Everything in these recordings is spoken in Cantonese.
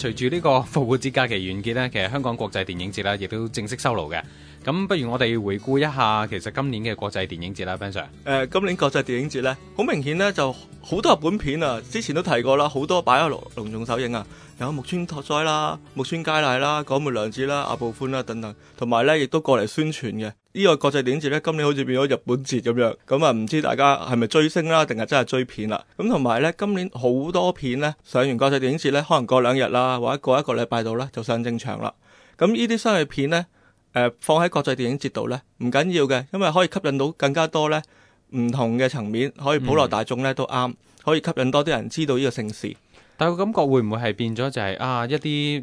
隨住呢個復活節假期完結呢，其實香港國際電影節咧亦都正式收爐嘅。咁不如我哋回顧一下，其實今年嘅國際電影節啦，Ben Sir。誒、呃，今年國際電影節呢，好明顯呢，就好多日本片啊。之前都提過啦，好多擺喺落隆重首映啊，有木村拓哉啦、木村佳乃啦、廣末涼子啦、阿部寬啦等等，同埋呢亦都過嚟宣傳嘅。呢個國際電影節咧，今年好似變咗日本節咁樣，咁啊唔知大家係咪追星啦，定係真係追片啦？咁同埋呢，今年好多片呢，上完國際電影節呢，可能過兩日啦，或者過一個禮拜度呢，就上正場啦。咁呢啲新嘅片呢，呃、放喺國際電影節度呢，唔緊要嘅，因為可以吸引到更加多呢唔同嘅層面，可以普羅大眾呢都啱，可以吸引多啲人知道呢個盛事。但係個感覺會唔會係變咗、就是？就係啊，一啲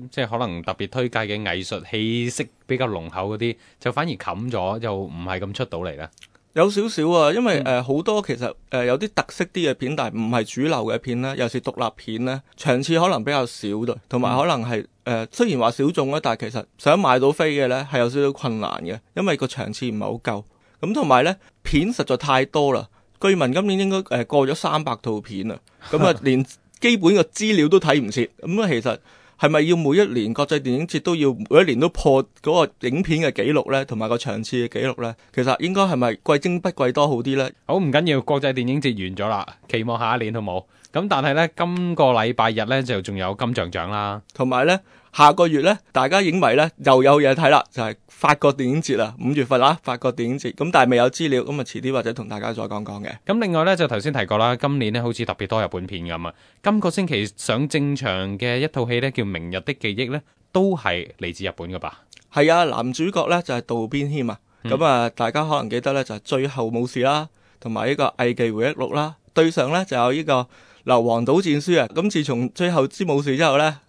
即係可能特別推介嘅藝術氣息比較濃厚嗰啲，就反而冚咗，又唔係咁出到嚟呢。有少少啊，因為誒好、嗯呃、多其實誒、呃、有啲特色啲嘅片，但係唔係主流嘅片啦，又是獨立片咧，場次可能比較少，對，同埋可能係誒、呃、雖然話小眾咧，但係其實想買到飛嘅呢係有少少困難嘅，因為個場次唔係好夠。咁同埋呢片實在太多啦。據聞今年應該誒、呃、過咗三百套片啦，咁啊連。 基本嘅資料都睇唔切，咁啊，其實係咪要每一年國際電影節都要每一年都破嗰個影片嘅記錄呢？同埋個場次嘅記錄呢？其實應該係咪貴精不貴多好啲呢？好唔緊要，國際電影節完咗啦，期望下一年好冇？咁但係呢，今個禮拜日呢，就仲有金像獎啦，同埋呢，下個月呢，大家影迷呢，又有嘢睇啦，就係、是、法國電影節啊，五月份啦，法國電影節，咁但係未有資料，咁啊，遲啲或者同大家再講講嘅。咁另外呢，就頭先提過啦，今年呢好似特別多日本片咁啊，今個星期上正場嘅一套戲呢，叫《明日的記憶》呢，都係嚟自日本噶吧？係啊，男主角呢，就係渡邊謙啊，咁、嗯、啊，大家可能記得呢，就係、是《最後武士》啦，同埋呢個《藝伎回憶錄》啦，對上呢，就有呢、這個。嗱，硫磺島戰書啊，咁自從最後之武士之後呢，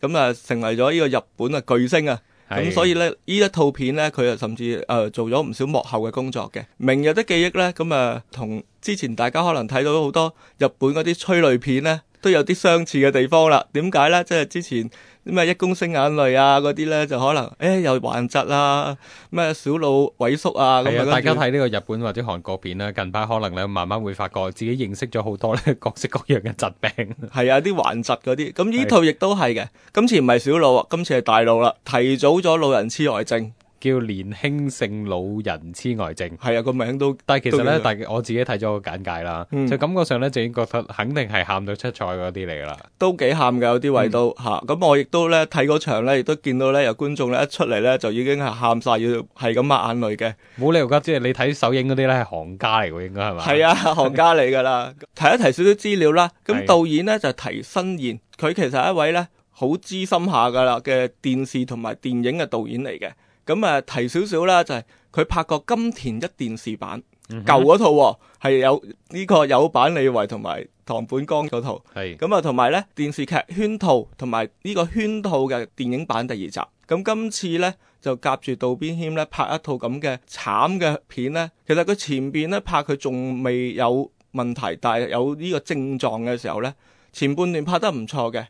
咁啊成為咗呢個日本嘅巨星啊，咁的所以呢，呢一套片呢，佢啊甚至誒做咗唔少幕後嘅工作嘅。明日的記憶呢，咁啊同之前大家可能睇到好多日本嗰啲催淚片呢，都有啲相似嘅地方啦，點解呢？即係之前咩一公升眼淚啊，嗰啲呢，就可能，誒、哎、又患疾啦，咩小腦萎縮啊。係啊，大家睇呢個日本或者韓國片啦，近排可能呢慢慢會發覺自己認識咗好多呢各式各樣嘅疾病。係啊，啲患疾嗰啲，咁呢套亦都係嘅。今次唔係小腦，今次係大腦啦，提早咗老人痴呆症。叫年輕性老人痴呆症，係啊個名都，但係其實咧，但我自己睇咗個簡介啦，嗯、就感覺上咧，就已經覺得肯定係喊到七彩嗰啲嚟噶啦，都幾喊噶有啲位都吓。咁我亦都咧睇嗰場咧，亦都見到咧有觀眾咧一出嚟咧就已經係喊晒，要係咁抹眼淚嘅，冇理由噶。即係你睇首映嗰啲咧係行家嚟嘅，應該係咪？係啊，行家嚟噶啦。 提一提少少資料啦，咁導演咧就提新賢，佢其實係一位咧好資深下噶啦嘅電視同埋電影嘅導演嚟嘅。咁啊，提少少啦，就係、是、佢拍過金田一電視版，嗯、哼舊嗰套喎，係有呢、這個有版李維同埋唐本剛嗰套。係咁啊，同埋咧電視劇《圈套》同埋呢個《圈套》嘅電影版第二集。咁今次咧就夾住渡邊謙咧拍一套咁嘅慘嘅片咧。其實佢前邊咧拍佢仲未有問題，但係有呢個症狀嘅時候咧，前半段拍得唔錯嘅。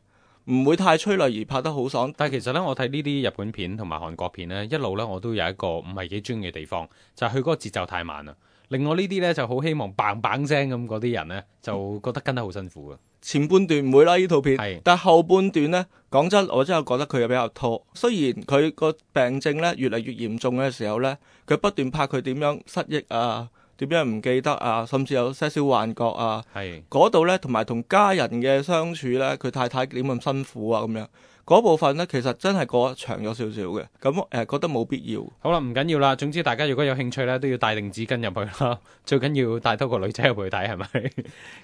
唔會太催淚而拍得好爽，但係其實呢，我睇呢啲日本片同埋韓國片呢，一路呢，我都有一個唔係幾專業嘅地方，就係佢嗰個節奏太慢啦。另外呢啲呢，就好希望棒棒聲咁，嗰啲人呢，就覺得跟得好辛苦嘅前半段唔會啦，呢套片係，是但係後半段呢，講真，我真係覺得佢又比較拖。雖然佢個病症呢，越嚟越嚴重嘅時候呢，佢不斷拍佢點樣失憶啊。點樣唔記得啊？甚至有些少幻覺啊！嗰度咧，同埋同家人嘅相處咧，佢太太點咁辛苦啊？咁樣。嗰部分咧，其實真係過長咗少少嘅，咁誒、呃、覺得冇必要。好啦，唔緊要啦。總之大家如果有興趣咧，都要帶定紙巾入去啦。最緊要帶多個女仔入去睇，係咪？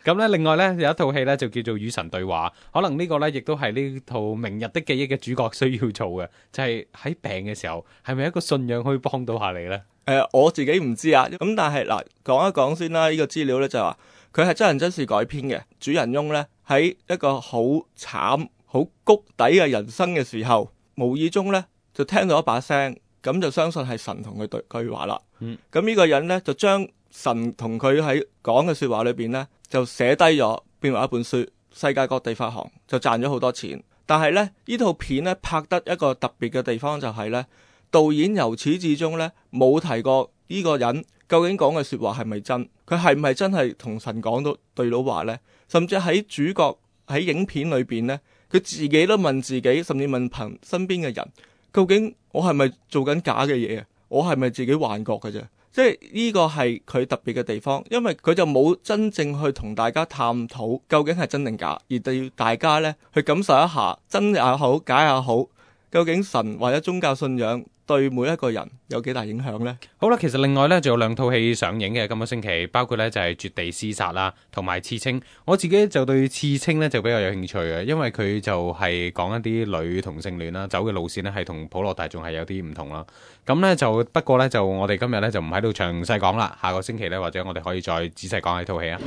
咁 咧、嗯，另外咧有一套戲咧就叫做《與神對話》，可能個呢個咧亦都係呢套《明日的記憶》嘅主角需要做嘅，就係、是、喺病嘅時候，係咪一個信仰可以幫到下你咧？誒、呃，我自己唔知啊。咁、嗯、但係嗱，講一講先啦。這個、資呢個資料咧就係話，佢係真人真事改編嘅。主人翁咧喺一個好慘。好谷底嘅人生嘅時候，無意中呢就聽到一把聲，咁就相信係神同佢對佢話啦。嗯。咁呢個人呢，就將神同佢喺講嘅說話裏邊呢，就寫低咗，變為一本書，世界各地發行，就賺咗好多錢。但係呢呢套片呢，拍得一個特別嘅地方就係呢，導演由始至終呢，冇提過呢個人究竟講嘅說話係咪真，佢係唔係真係同神講到對到話呢？甚至喺主角喺影片裏邊呢。佢自己都問自己，甚至問朋身邊嘅人，究竟我係咪做緊假嘅嘢啊？我係咪自己幻覺嘅啫？即係呢個係佢特別嘅地方，因為佢就冇真正去同大家探討究竟係真定假，而對大家呢去感受一下真也好，假也好，究竟神或者宗教信仰，對每一個人有幾大影響呢？好啦，其實另外呢，仲有兩套戲上映嘅，今個星期包括呢，就係《絕地廝殺》啦，同埋《刺青》。我自己就對《刺青》呢，就比較有興趣嘅，因為佢就係講一啲女同性戀啦，走嘅路線呢係同普羅大眾係有啲唔同啦。咁呢，就不過呢，就我哋今日呢，就唔喺度詳細講啦，下個星期呢，或者我哋可以再仔細講呢套戲啊。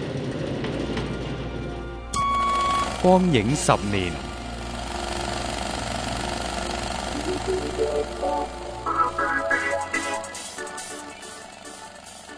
光影十年。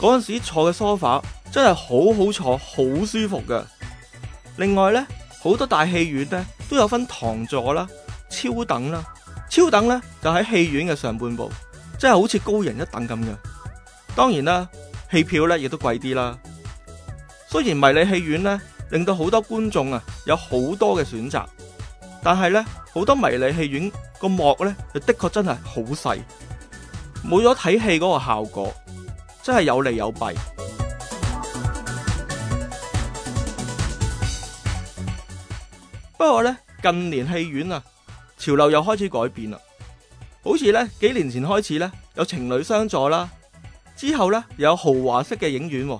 嗰陣時坐嘅 sofa 真係好好坐，好舒服嘅。另外呢，好多大戲院呢都有分堂座啦、超等啦，超等呢就喺戲院嘅上半部，真係好似高人一等咁樣。當然啦，戲票呢亦都貴啲啦。雖然迷你戲院呢令到好多觀眾啊有好多嘅選擇，但係呢，好多迷你戲院個幕呢就的確真係好細，冇咗睇戲嗰個效果。真係有利有弊。不過咧，近年戲院啊，潮流又開始改變啦。好似咧，幾年前開始咧，有情侶相座啦，之後咧，又有豪華式嘅影院啊，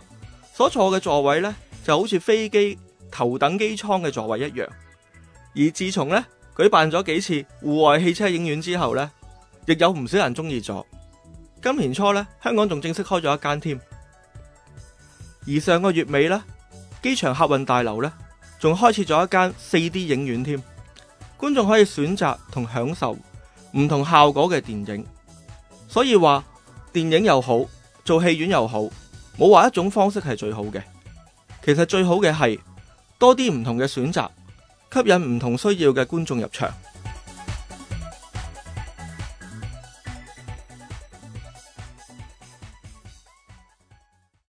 所坐嘅座位咧，就好似飛機頭等機艙嘅座位一樣。而自從咧舉辦咗幾次戶外汽車影院之後咧，亦有唔少人中意坐。今年初咧，香港仲正式開咗一間添，而上個月尾咧，機場客運大樓咧，仲開設咗一間四 D 影院添，觀眾可以選擇同享受唔同效果嘅電影，所以話電影又好，做戲院又好，冇話一種方式係最好嘅，其實最好嘅係多啲唔同嘅選擇，吸引唔同需要嘅觀眾入場。